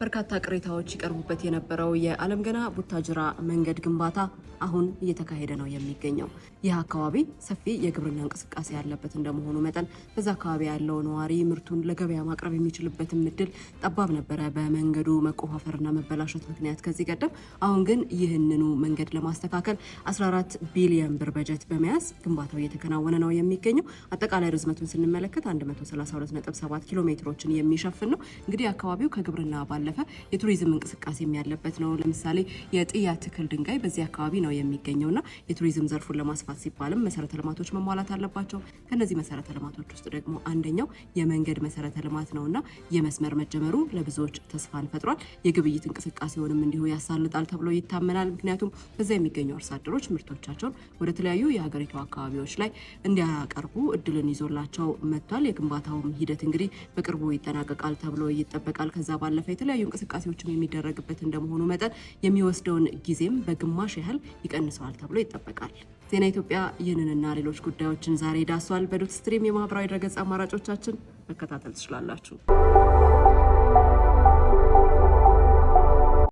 በርካታ ቅሬታዎች ይቀርቡበት የነበረው የዓለም ገና ቡታጅራ መንገድ ግንባታ አሁን እየተካሄደ ነው የሚገኘው። ይህ አካባቢ ሰፊ የግብርና እንቅስቃሴ ያለበት እንደመሆኑ መጠን በዛ አካባቢ ያለው ነዋሪ ምርቱን ለገበያ ማቅረብ የሚችልበትም እድል ጠባብ ነበረ በመንገዱ መቆፋፈርና መበላሸት ምክንያት ከዚህ ቀደም። አሁን ግን ይህንኑ መንገድ ለማስተካከል 14 ቢሊዮን ብር በጀት በመያዝ ግንባታው እየተከናወነ ነው የሚገኘው። አጠቃላይ ርዝመቱን ስንመለከት 132.7 ኪሎ ሜትሮችን የሚሸፍን ነው። እንግዲህ አካባቢው ከግብርና ባለ ባለፈ የቱሪዝም እንቅስቃሴም ያለበት ነው። ለምሳሌ የጥያ ትክል ድንጋይ በዚህ አካባቢ ነው የሚገኘውና የቱሪዝም ዘርፉን ለማስፋት ሲባልም መሰረተ ልማቶች መሟላት አለባቸው። ከነዚህ መሰረተ ልማቶች ውስጥ ደግሞ አንደኛው የመንገድ መሰረተ ልማት ነውና የመስመር መጀመሩ ለብዙዎች ተስፋን ፈጥሯል። የግብይት እንቅስቃሴውንም እንዲሁ ያሳልጣል ተብሎ ይታመናል። ምክንያቱም በዛ የሚገኙ አርሶ አደሮች ምርቶቻቸውን ወደ ተለያዩ የሀገሪቱ አካባቢዎች ላይ እንዲያቀርቡ እድልን ይዞላቸው መጥቷል። የግንባታውም ሂደት እንግዲህ በቅርቡ ይጠናቀቃል ተብሎ ይጠበቃል። ከዛ ባለፈ የተለያዩ የተለያዩ እንቅስቃሴዎችም የሚደረግበት እንደመሆኑ መጠን የሚወስደውን ጊዜም በግማሽ ያህል ይቀንሰዋል ተብሎ ይጠበቃል። ዜና ኢትዮጵያ ይህንንና ሌሎች ጉዳዮችን ዛሬ ዳሷል። በዶት ስትሪም የማህበራዊ ድረገጽ አማራጮቻችን መከታተል ትችላላችሁ።